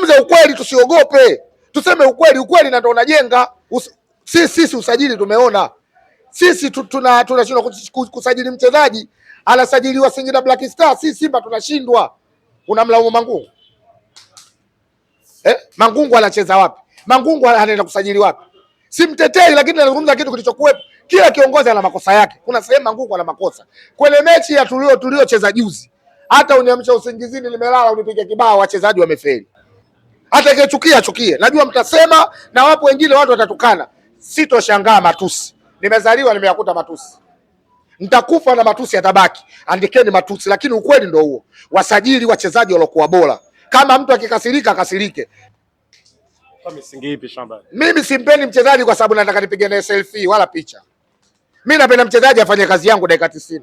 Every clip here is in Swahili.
Tuzungumze ukweli, tusiogope, tuseme ukweli. Ukweli ndio unajenga sisi. Sisi usajili tumeona sisi tuna, tunashindwa kusajili mchezaji anasajiliwa Singida Black Star, si Simba tunashindwa. Unamlaumu Mangungu eh? Mangungu anacheza wapi? Mangungu anaenda kusajili wapi? Simtetei, lakini nazungumza kitu kilichokuwepo. Kila kiongozi ana makosa yake, kuna sehemu Mangungu ana makosa. Kwenye mechi ya tuliocheza tulio juzi, hata uniamsha usingizini, nimelala unipige kibao, wachezaji wamefeli. Atakayechukia achukie, najua mtasema, na wapo wengine watu watatukana, sitoshangaa matusi. Nimezaliwa nimeyakuta matusi, nitakufa na matusi yatabaki. Andikeni matusi, lakini ukweli ndio huo. Wasajili wachezaji waliokuwa bora, kama mtu akikasirika akasirike. Mimi simpendi mchezaji kwa sababu nataka nipige naye selfie wala picha. Mi napenda mchezaji afanye kazi yangu dakika 90.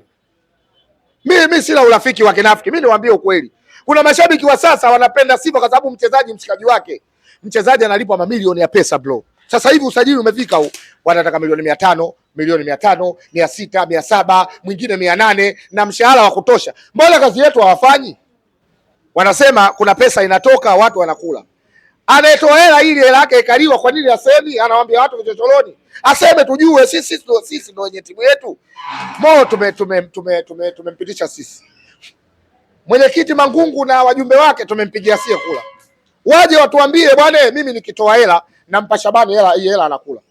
Mimi sina urafiki wa kinafiki, mimi niwaambie ukweli. Kuna mashabiki wa sasa wanapenda sifa kwa sababu mchezaji mshikaji wake, mchezaji analipwa mamilioni ya pesa bro. Sasa hivi usajili umefika huu, wanataka milioni mia tano milioni mia tano mia sita mia saba mwingine mia nane na mshahara wa kutosha. Mbona kazi yetu hawafanyi? Wanasema kuna pesa inatoka, watu wanakula. Anayetoa hela ili hela yake ikaliwa, kwa nini asemi? Anawambia watu vichocholoni, aseme tujue. Sisi sisi ndio wenye timu yetu. Mo tumempitisha tume, tume, tume, tume sisi Mwenyekiti Mangungu na wajumbe wake tumempigia sie kula, waje watuambie bwana, eh, mimi nikitoa hela nampa Shabani hela, hii hela anakula.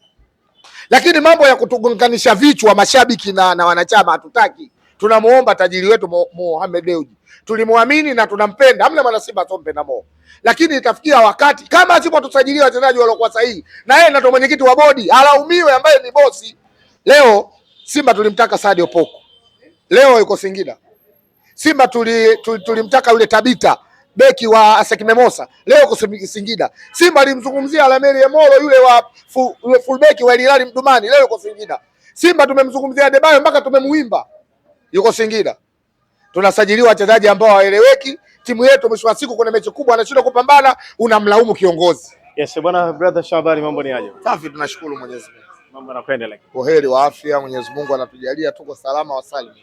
Lakini mambo ya kutugonganisha vichwa mashabiki na, na wanachama hatutaki. Tunamuomba tajiri wetu Mohamed Dewji, tulimwamini na tunampenda, hamna mwana Simba tompe na Mo, lakini itafikia wakati kama asipotusajilia wachezaji waliokuwa sahihi, na yeye ndio mwenyekiti wa bodi alaumiwe, ambaye ni bosi. Leo Simba tulimtaka Sadio Poko, leo yuko Singida. Simba tulimtaka tuli, tuli yule Tabita beki wa Asec Mimosa leo kusimiki Singida. Simba alimzungumzia Lameli Emoro yule wa fullback wa Hilali Mdumani leo yuko Singida. Simba tumemzungumzia Debayo mpaka tumemuimba yuko Singida. Tunasajiliwa wachezaji ambao hawaeleweki. Timu yetu mwisho wa siku kuna mechi kubwa anashindwa kupambana, unamlaumu kiongozi. Yes, bwana brother Shabani, mambo ni aje? Safi, tunashukuru Mwenyezi Mungu. Mambo yanakwenda lakini. Uheri wa afya, Mwenyezi Mungu anatujalia tuko salama wasalimu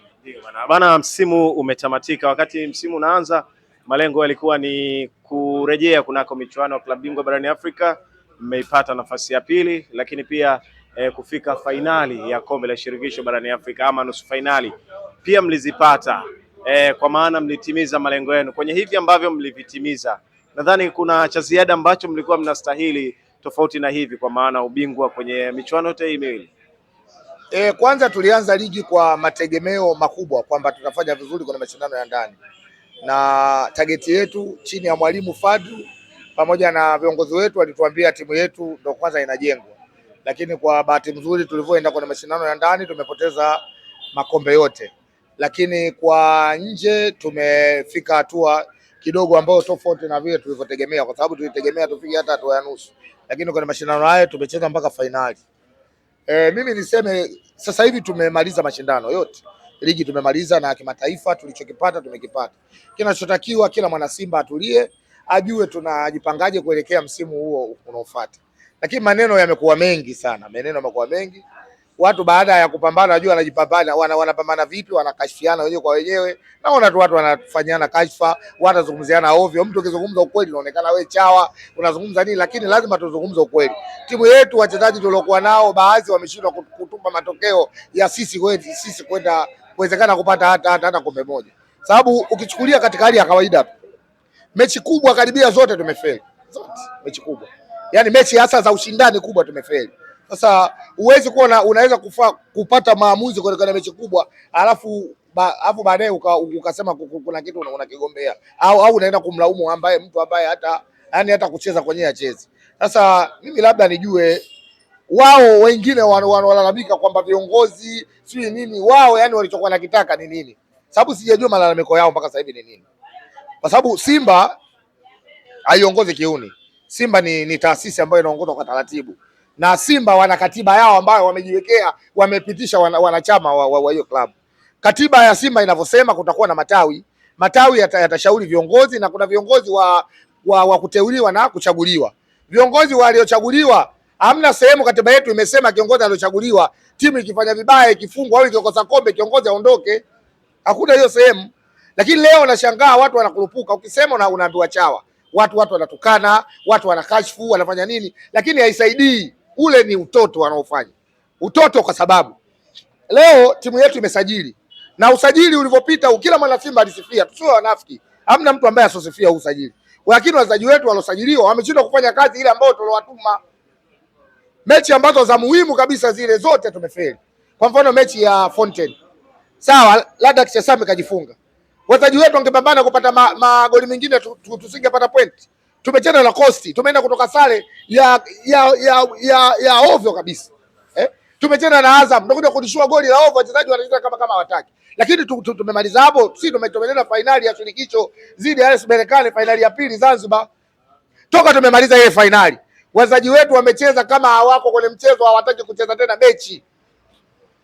bana msimu umetamatika. Wakati msimu unaanza, malengo yalikuwa ni kurejea kunako michuano ya klabu bingwa barani Afrika, mmeipata nafasi ya pili, lakini pia eh, kufika fainali ya kombe la shirikisho barani Afrika ama nusu fainali pia mlizipata. Eh, kwa maana mlitimiza malengo yenu kwenye hivi ambavyo mlivitimiza, nadhani kuna cha ziada ambacho mlikuwa mnastahili tofauti na hivi, kwa maana ubingwa kwenye michuano yote hii miwili. E, kwanza tulianza ligi kwa mategemeo makubwa kwamba tutafanya vizuri kwenye mashindano ya ndani, na tageti yetu chini ya mwalimu Fadu pamoja na viongozi wetu walituambia timu yetu ndio kwanza inajengwa, lakini kwa bahati nzuri tulivyoenda kwenye mashindano ya ndani tumepoteza makombe yote, lakini kwa nje tumefika hatua kidogo ambayo tofauti na vile tulivyotegemea, kwa sababu tulitegemea tufike hata hatua ya nusu, lakini kwenye mashindano haya tumecheza mpaka fainali. E, mimi niseme sasa hivi tumemaliza mashindano yote, ligi tumemaliza na kimataifa, tulichokipata tumekipata. Kinachotakiwa kila mwana Simba atulie, ajue tunajipangaje kuelekea msimu huo unaofuata. Lakini maneno yamekuwa mengi sana, maneno yamekuwa mengi watu baada ya kupambana wajua wanajipambana wana, wanapambana vipi, wanakashifiana wenyewe kwa wenyewe. Naona tu watu wanafanyana kashfa, wanazungumziana ovyo. Mtu ukizungumza ukweli unaonekana we chawa, unazungumza nini? Lakini lazima tuzungumze ukweli. Timu yetu wachezaji tuliokuwa nao baadhi wameshindwa kutupa matokeo ya sisi kwenda sisi kwenda kuwezekana kupata hata hata hata kombe moja, sababu ukichukulia katika hali ya kawaida mechi kubwa karibia zote tumefeli zote, mechi kubwa yani mechi hasa za ushindani kubwa tumefeli sasa huwezi kuwa unaweza kufa, kupata maamuzi kwenye mechi kubwa alafu alafu baadaye ukasema kuna kitu unakigombea una au au unaenda kumlaumu ambaye mtu ambaye hata yani hata kucheza kwenye achezi. Sasa mimi labda nijue wao wengine wanalalamika kwamba viongozi sijui nini, wao yani walichokuwa nakitaka ni nini? Sababu sijajua malalamiko yao mpaka sasa hivi ni nini, kwa sababu Simba haiongozi kiuni. Simba ni, ni taasisi ambayo inaongozwa kwa taratibu na Simba wana katiba yao ambayo wamejiwekea, wamepitisha wanachama wa, wa, wa hiyo klabu. Katiba ya Simba inavyosema kutakuwa na matawi, matawi yatashauri yata viongozi na kuna viongozi wa, wa, wa kuteuliwa na kuchaguliwa. Viongozi waliochaguliwa hamna sehemu katiba yetu imesema kiongozi aliochaguliwa, timu ikifanya vibaya, ikifungwa au ikikosa kombe, kiongozi aondoke. Hakuna hiyo sehemu, lakini leo nashangaa watu wanakurupuka. Ukisema na unaambiwa chawa, watu watu wanatukana, watu wanakashfu, wanafanya nini, lakini haisaidii ule ni utoto wanaofanya utoto, kwa sababu leo timu yetu imesajili na usajili ulivyopita, kila mwana Simba alisifia, tusio wanafiki, hamna mtu ambaye asosifia usajili, lakini wachezaji wetu waliosajiliwa wameshindwa kufanya kazi ile ambayo tuliwatuma. Mechi ambazo za muhimu kabisa zile zote tumefeli. Kwa mfano mechi ya Fontaine, sawa, labda Kisesame kajifunga, wachezaji wetu wangepambana kupata magoli ma mengine, tusingepata tu, tu, tu, point tumechana na kosti, tumeenda kutoka sare ya ya ya ya, ya ovyo kabisa eh? tumechana na Azam, tunakuja kulishua goli la ovyo, wachezaji wanacheza kama kama hawataki, lakini tumemaliza hapo. Si tumetomelea fainali ya shirikisho zidi ya RS Berkane, fainali ya pili Zanzibar, toka tumemaliza ile fainali wachezaji wetu wamecheza kama hawako kwenye mchezo, hawataki kucheza tena mechi.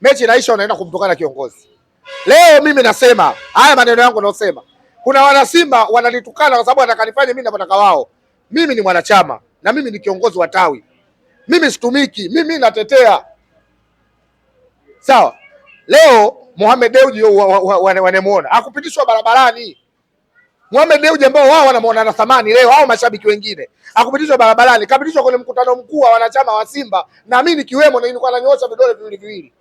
Mechi inaisha, unaenda kumtukana kiongozi. Leo mimi nasema haya maneno yangu, naosema kuna wanasimba wananitukana kwa sababu watakanifanya mimi napotaka wao. Mimi ni mwanachama na mimi ni kiongozi wa tawi, mimi situmiki, mimi natetea. Sawa, leo Mohamed Dewji wanemuona akupitishwa barabarani. Mohamed Dewji ambao wao wanamuona na thamani leo, au mashabiki wengine akupitishwa barabarani, kapitishwa kwenye mkutano mkuu wa wanachama wa Simba na mimi nikiwemo, na nilikuwa nanyoosha vidole viwili viwili,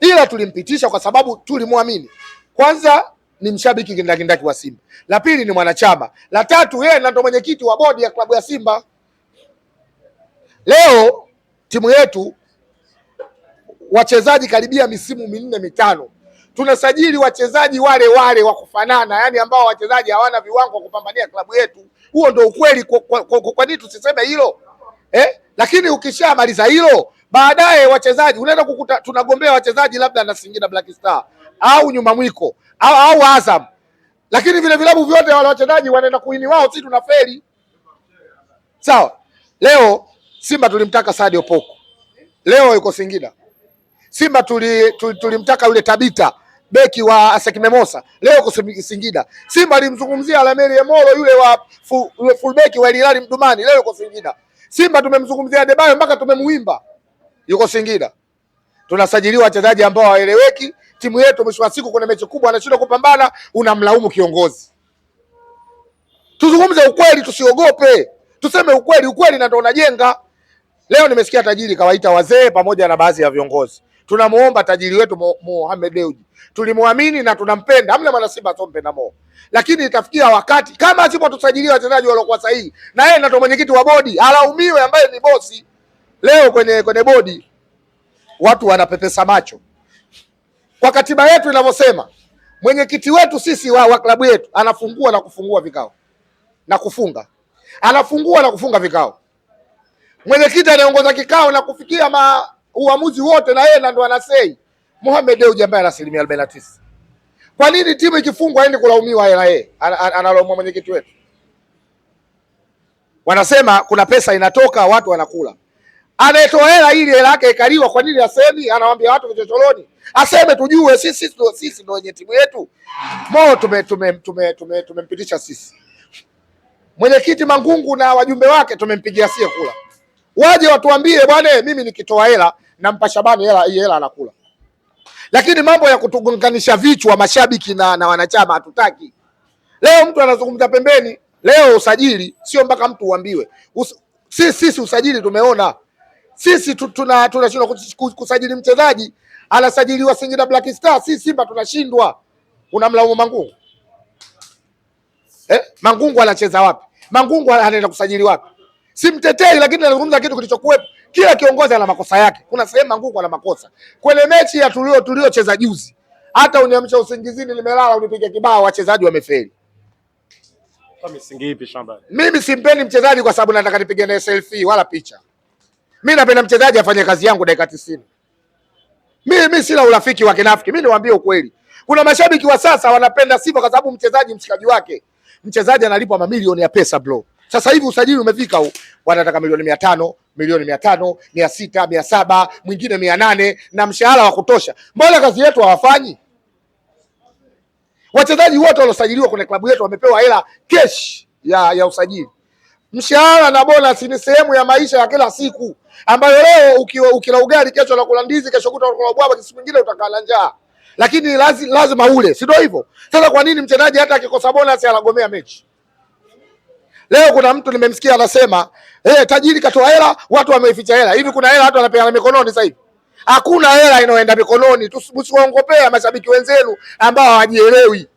ila tulimpitisha kwa sababu tulimwamini kwanza ni mshabiki kindakindaki wa Simba, la pili ni mwanachama, la tatu yeye ndo mwenyekiti wa bodi ya klabu ya Simba. Leo timu yetu wachezaji karibia misimu minne mitano tunasajili wachezaji wale wale wa kufanana, yani ambao wachezaji hawana viwango wa kupambania klabu yetu. Huo ndio ukweli. Kwa, kwa, kwa, kwa nini tusiseme hilo eh? Lakini ukishamaliza hilo baadaye wachezaji unaenda kukuta tunagombea wachezaji labda na Singida Black Star au nyuma mwiko au au Azam, lakini vile vilabu vyote wale wachezaji wanaenda kuini wao, sisi feli Sawa, leo Simba tulimtaka Sadio Poko, leo yuko Singida. Simba tulimtaka tuli, tuli yule Tabita beki wa Asec Mimosa leo yuko Singida. Simba alimzungumzia Lameli Emolo yule wa fullbeki wa Hilali Mdumani leo yuko Singida. Simba tumemzungumzia Adebayo mpaka tumemuimba, yuko Singida. Tunasajiliwa wachezaji ambao hawaeleweki, timu yetu mwisho wa siku kuna mechi kubwa anashindwa kupambana, unamlaumu kiongozi. Tuzungumze ukweli, tusiogope, tuseme ukweli. Ukweli ndio unajenga. Leo nimesikia tajiri kawaita wazee pamoja na baadhi ya viongozi. Tunamuomba tajiri wetu Mohamed Dewji, tulimwamini na tunampenda, amna mwana Simba asompenda Mo, lakini itafikia wakati kama asipotusajilia wachezaji waliokuwa sahihi, na yeye ndio mwenyekiti wa bodi alaumiwe, ambaye ni bosi leo kwenye kwenye bodi. Watu wanapepesa macho kwa katiba yetu inavyosema, mwenyekiti wetu sisi wa, wa klabu yetu anafungua na kufungua vikao na kufunga, anafungua na kufunga vikao. Mwenyekiti anaongoza kikao na kufikia ma, uamuzi wote, na yeye na ndo anasei Mohamed Dewji ambaye ana asilimia arobaini na tisa. Kwa nini timu ikifungwa aende kulaumiwa na yeye? Analaumwa mwenyekiti wetu. Wanasema kuna pesa inatoka, watu wanakula anayetoa hela ili hela yake ikaliwa, kwa nini asemi? Anawaambia watu vichochoroni, aseme tujue sisi sisi sisi ndio wenye timu yetu. Mo tume tume, tume, tumempitisha sisi, mwenyekiti Mangungu na wajumbe wake tumempigia sie kula, waje watuambie bwana, mimi nikitoa hela nampa Shabani hela, hii hela anakula. Lakini mambo ya kutugonganisha vichwa mashabiki na, na wanachama hatutaki. Leo mtu anazungumza pembeni, leo usajili sio mpaka mtu uambiwe. Us, sisi, sisi usajili tumeona sisi tuna, tunashindwa kusajili mchezaji anasajiliwa Singida Black Star, si Simba tunashindwa. Unamlaumu Mangungu eh? Mangungu anacheza wapi? Mangungu anaenda kusajili wapi? Simtetei, lakini nazungumza kitu kilichokuwepo. Kila kiongozi ana makosa yake, kuna sehemu Mangungu ana makosa. Kwenye mechi ya tulio tuliocheza juzi, hata uniamsha usingizini, nimelala unipiga kibao, wachezaji wamefeli. Mimi simpeni mchezaji kwa sababu nataka nipige naye selfie wala picha. Mimi napenda mchezaji afanye kazi yangu dakika tisini. Mi, mi sina urafiki wa kinafiki. Mimi niwaambie ukweli. Kuna mashabiki wa sasa wanapenda sifa kwa sababu mchezaji mshikaji wake. Mchezaji analipwa mamilioni ya pesa bro. Sasa hivi usajili umefika huu. Wanataka milioni mia tano, milioni mia tano, mia sita, mia saba, mwingine mia nane na mshahara wa kutosha. Mbona kazi yetu hawafanyi? Wachezaji wote waliosajiliwa kwenye klabu yetu wamepewa hela cash ya ya usajili. Mshahara na bonus ni sehemu ya maisha ya kila siku ambayo leo ukiwa ukila ugali, kesho unakula ndizi, kesho kuta unakula bwaba, kesho mwingine utakala njaa, lakini lazi, lazima ule, si ndio hivyo? Sasa kwa nini mchezaji hata akikosa bonus anagomea mechi? Leo kuna mtu nimemsikia anasema eh, tajiri katoa hela, watu wameificha hela. Hivi kuna hela watu wanapeana mikononi sasa hivi? Hakuna hela inayoenda mikononi. Msiwaongopea mashabiki wenzenu ambao hawajielewi.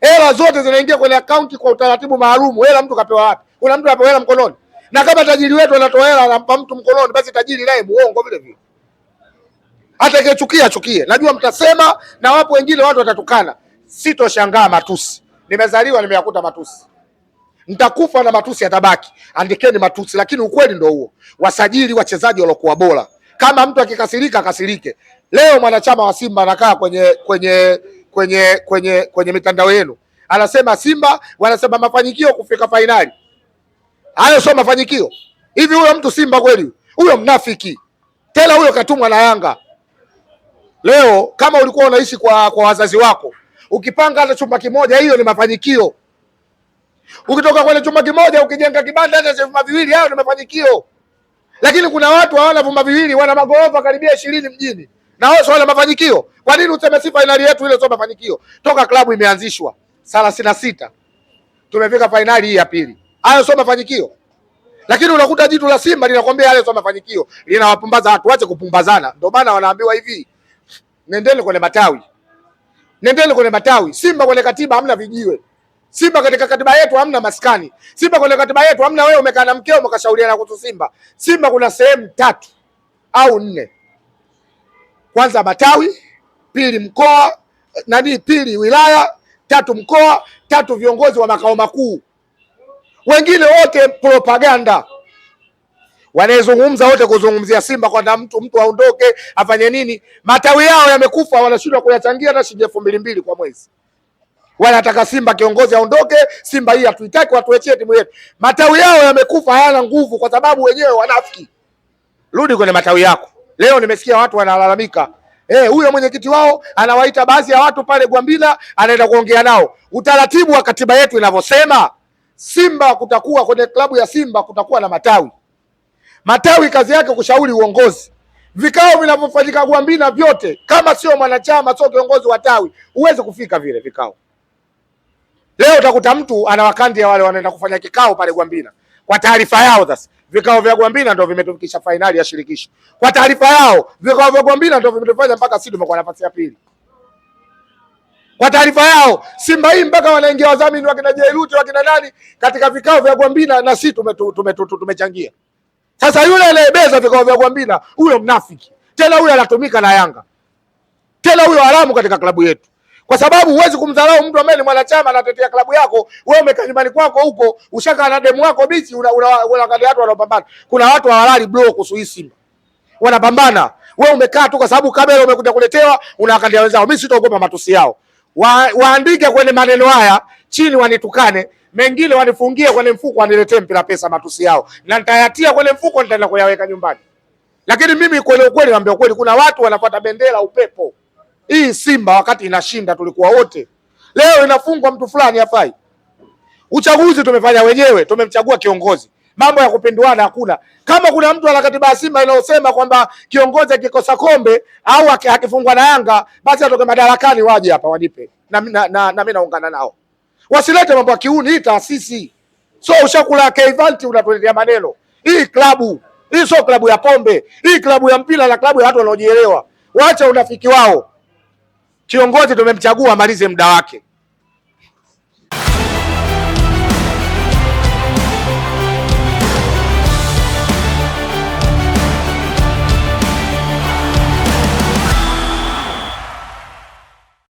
Hela zote zinaingia kwenye akaunti kwa utaratibu maalumu. Hela mtu kapewa wapi? Kuna mtu anapewa hela mkononi, na kama tajiri wetu anatoa hela anampa mtu mkononi, basi tajiri naye muongo vile vile. Hata ikichukia chukie, najua mtasema na wapo wengine watu watatukana, sitoshangaa matusi. Nimezaliwa nimeyakuta matusi, nitakufa na matusi yatabaki. Andikeni matusi, lakini ukweli ndio huo. Wasajili wachezaji waliokuwa bora. Kama mtu akikasirika akasirike. Leo mwanachama wa Simba anakaa kwenye kwenye kwenye kwenye kwenye mitandao yenu, anasema Simba wanasema mafanikio kufika fainali. Hayo sio mafanikio? Hivi huyo mtu Simba kweli? Huyo mnafiki tena huyo, katumwa na Yanga. Leo kama ulikuwa unaishi kwa, kwa wazazi wako ukipanga hata chumba kimoja, hiyo ni mafanikio. Ukitoka kwenye chumba kimoja ukijenga kibanda hata cha vyumba viwili, hayo ni mafanikio. Lakini kuna watu hawana vyumba viwili, wana magorofa karibia ishirini mjini na wao sio mafanikio. Kwa nini useme si fainali yetu ile sio mafanikio? Toka klabu imeanzishwa thelathini na sita tumefika fainali hii ya pili. Hayo sio mafanikio. Lakini unakuta jitu la Simba linakwambia hayo sio mafanikio, linawapumbaza watu, wache kupumbazana. Ndio maana wanaambiwa hivi, nendeni kwenye matawi, nendeni kwenye matawi. Simba kwenye katiba hamna vijiwe. Simba katika katiba yetu hamna maskani. Simba kwenye katiba yetu hamna wewe umekaa na mkeo mkashauriana kuhusu Simba. Simba kuna sehemu tatu au nne, kwanza matawi, pili mkoa nani, pili wilaya, tatu mkoa, tatu viongozi wa makao makuu. Wengine wote propaganda wanaezungumza wote kuzungumzia Simba kwamba mtu mtu aondoke afanye nini. Matawi yao yamekufa, wanashindwa kuyachangia hata shilingi elfu mbili mbili kwa mwezi. Wanataka Simba kiongozi aondoke, Simba hii hatuitaki, watuwechie timu yetu. Matawi yao yamekufa, hayana nguvu, kwa sababu wenyewe wanafiki. Rudi kwenye matawi yako. Leo nimesikia watu wanalalamika eh, huyo, mwenyekiti wao anawaita baadhi ya watu pale Gwambila, anaenda kuongea nao. Utaratibu wa katiba yetu inavyosema Simba kutakuwa kwenye klabu ya Simba kutakuwa na matawi. Matawi kazi yake kushauri uongozi. Vikao vinavyofanyika Gwambina vyote, kama sio mwanachama, sio kiongozi wa tawi, huwezi kufika vile vikao. Leo utakuta mtu ana ya wale wanaenda kufanya kikao pale Gwambina. Kwa taarifa yao sasa, vikao vya Gwambina ndio vimetufikisha fainali ya shirikisho. Kwa taarifa yao, vikao vya Gwambina ndio vimetufanya mpaka sisi tumekuwa nafasi ya pili kwa taarifa yao, Simba hii mpaka wanaingia wadhamini wakina Jairuti wakina nani katika vikao vya Gwambina, na si tumechangia. Sasa yule anayebeza vikao vya Gwambina, huyo mnafiki tena, huyo anatumika na Yanga tena, huyo haramu katika klabu yetu, kwa sababu huwezi kumdharau mtu ambaye ni mwanachama anatetea klabu yako. Wewe umekaa nyumbani kwako huko, ushaka na demu wako bichi, unaangalia watu wanaopambana. Kuna watu hawalali bro kuhusu hii Simba wanapambana. Wewe umekaa tu kwa sababu kamera umekuja kuletewa, unaangalia wenzao. Mimi sitaogopa matusi yao wa, waandike kwenye maneno haya chini, wanitukane mengine wanifungie kwenye mfuko, waniletee mpira pesa matusi yao, na nitayatia kwenye mfuko, nitaenda kuyaweka nyumbani. Lakini mimi kweli ukweli naambia ukweli, kuna watu wanapata bendera upepo. Hii Simba wakati inashinda tulikuwa wote, leo inafungwa mtu fulani hafai. Uchaguzi tumefanya wenyewe, tumemchagua kiongozi mambo ya kupinduana hakuna. Kama kuna mtu ana katiba ya Simba inayosema kwamba kiongozi akikosa kombe au akifungwa na Yanga basi atoke madarakani, waje hapa wanipe na, na, na, na mimi naungana nao, wasilete mambo ya kiuni. Hii taasisi so ushakula keivanti, unatuletea maneno. Hii klabu hii sio klabu ya pombe, hii klabu ya mpira na klabu ya watu wanaojielewa. Wacha unafiki wao. Kiongozi tumemchagua amalize muda wake.